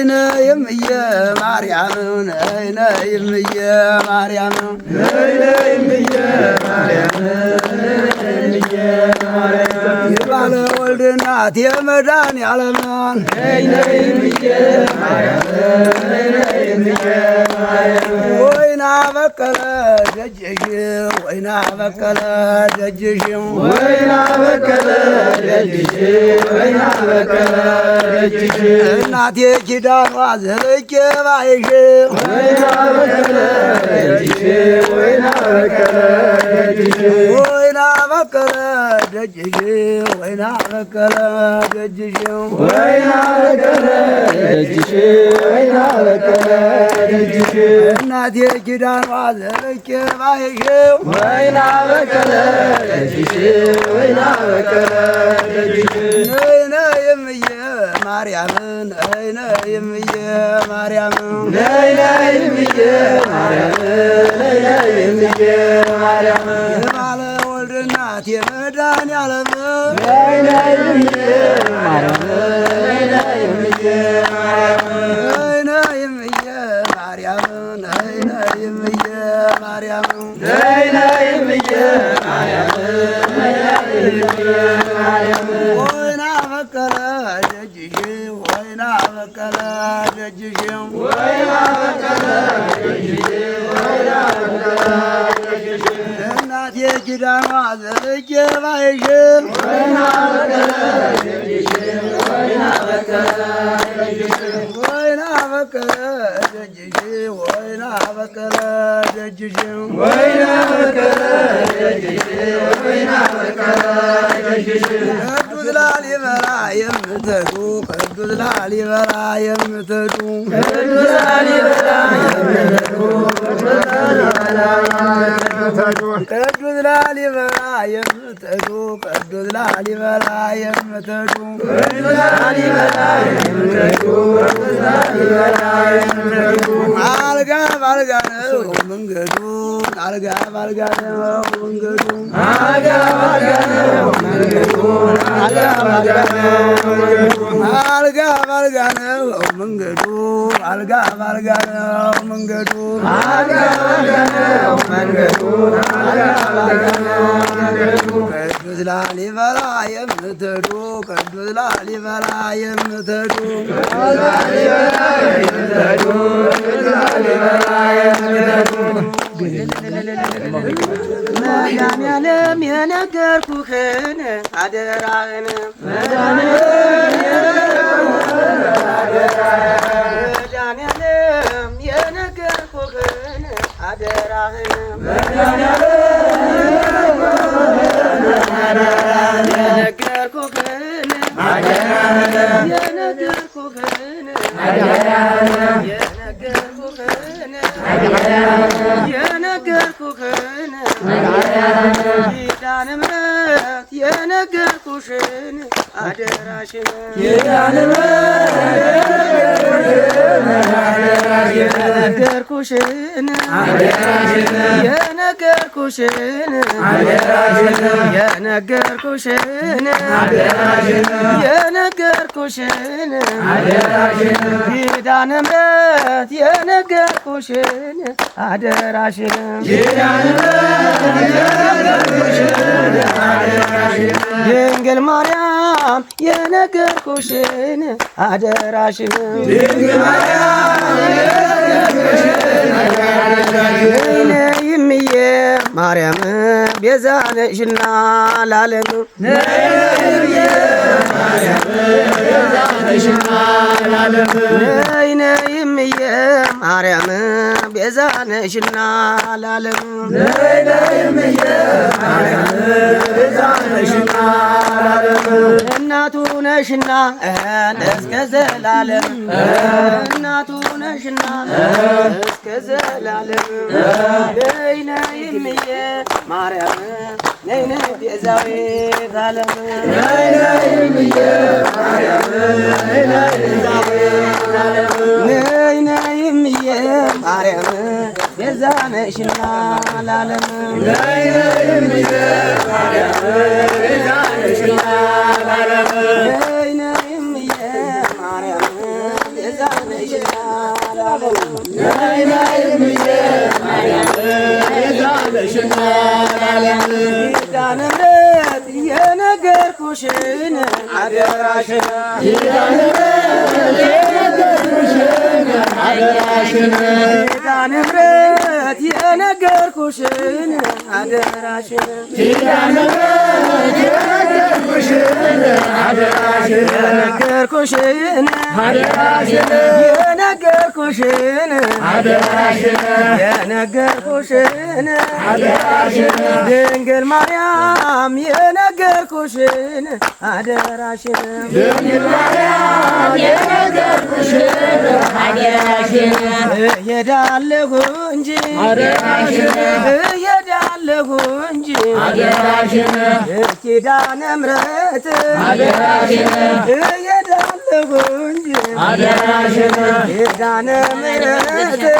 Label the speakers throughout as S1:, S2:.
S1: እነ የምየ ማርያም እነ የምየ ማርያም
S2: እነ የምየ ማርያም
S1: የባለ ወልድ እናት የመዳን ያለማን
S2: እነ የምየ ማርያም እነ የምየ
S1: በቀለ ደጅሽ ወይና በቀለ ደጅሽ
S2: ወይና በቀለ ደጅሽ ወይና በቀለ ደጅሽ
S1: እናቴ ኪዳኗ ዘልቄ ባይሽ
S2: ወይና በቀለ ደጅሽ ወይና በቀለ ደጅሽ
S1: በቀለ ደጅሽ ወይና በቀለ ደጅሽ
S2: ወይና በቀለ ደጅሽ ወይና በቀለ ደጅሽ
S1: እናቴ ኪዳኗ ዘርቄ ባይሽ
S2: ወይና በቀለ ደጅሽ ወይና በቀለ ደጅሽ
S1: ነይነ የምየ ማርያምን ነይነ የምየ ማርያምን
S2: ነይነ የምየ ማርያምን ነይነ የምየ ማርያምን
S1: እናቴ መዳን ያለም ወይና በቀለ ደጅሽ ወይና በቀለ ደጅሽም
S2: ወይና በቀለ ወይና በቀለ እናቴ
S1: ኪዳኗ ዘልቄ ባይሽን
S2: ወይና በቀለ ደጅሽ ወይና በቀለ ደጅሽ
S1: ወይና በቀለ ደጅሽ
S2: ወይና በቀለ ደጅሽ
S1: ቅዱስ ላሊበላ የምትተጉ ቅዱስ ላሊበላ የም
S2: ቅዱስ
S1: ላሊበላ የምትሄዱ ቅዱስ ላሊበላ የምትሄዱ አልጋ በአልጋ ነው መንገዱ አልጋ በአልጋ ነው መንገዱ
S2: አልጋ በአልጋ ነው መንገዱ አልጋ በአልጋ ነው መንገዱ
S1: አልጋ በአልጋ ነው መንገዱ አልጋ በአልጋ
S2: ነው መንገዱ አልጋ በአልጋ ነው መንገዱ
S1: ቅዱስ ላሊበላ የምትዱ ቅዱስ ላሊበላ የምትዱ
S2: ቅዱስ ላሊበላ የምትሄዱ ቅዱስ ላሊበላ
S1: የነገርኩህን አደራህን
S2: የነገርኩህን አደራህን
S1: የነገርኩህን አደራህን
S2: የነገርኩህን አደራህን
S1: የነገርኩህን
S2: አደራህን
S1: ኪዳነ ምሕረት የነገርኩሽን አደራሽን
S2: ኪዳነ ምሕረት
S1: የነገርኩሽን የነገርኩሽን የነገርኩሽን የነገርኩሽን ኪዳነ ምሕረት የነገርኩሽን አደራሽን ድንግል ማርያም የነገርኩሽን አደራሽን ይምዬ ማርያም ቤዛ ነሽና ላለም
S2: ነይ ነይ ማርያም ቤዛ ነሽና ላለም
S1: ነይ ነይ ማርያም ቤዛ ነሽና ላለም እናቱ ነሽና እስከ ዘላለም እናቱ ነሽና እስከ ዘላለም በይነ ይምየ ማርያም ነይነ ቤዛዊ ዓለም
S2: ነይነ ይምየ ማርያም ነይነ ቤዛዊ ዓለም
S1: ነይነ ይምየ ማርያም ቤዛ ነሽና ላለም
S2: ነይነ ይምየ ማርያም ኪዳነምህረት
S1: የነገርኩሽን አደራሽን አደራሽን የነገርኩሽን የነገርኩሽን ድንግል ማርያም የነገርኩሽን አደራሽን እሄዳለሁ እንጂ ፈለጉ እንጂ ኪዳነ ምሕረት እንጂ ኪዳነ ምሕረት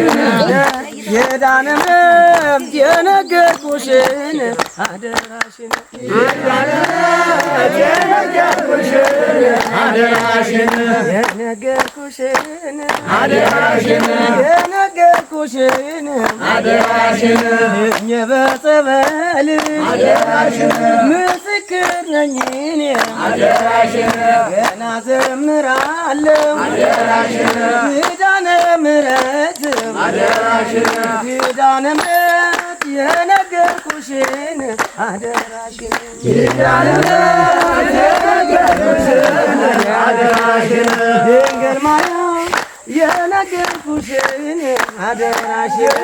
S2: ምሕረት
S1: የነገርኩሽን አደራሽን የነገርኩሽን
S2: አደራሽን
S1: ራቁሽን
S2: አደራሽን
S1: እኔ በጸበል
S2: አደራሽን
S1: ምስክር ነኝ እኔ
S2: አደራሽን
S1: ገና ዘምራለሁ
S2: አደራሽን
S1: ኪዳነ ምሕረት
S2: አደራሽን
S1: ኪዳነ ምሕረት የነገርኩሽን አደራሽን
S2: ኪዳነ ምሕረት የነገርኩሽን አደራሽን
S1: ድንግል ማርያም የነገርኩሽን አደራሽን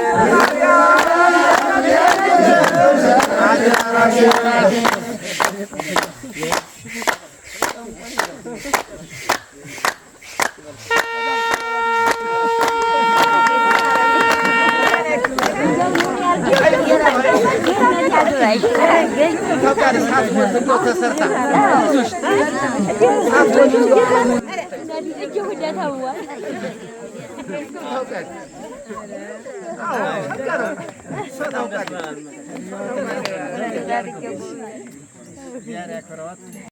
S2: ተሰርታ እጅ ሁዳ ታውዋል። ታውቃለህ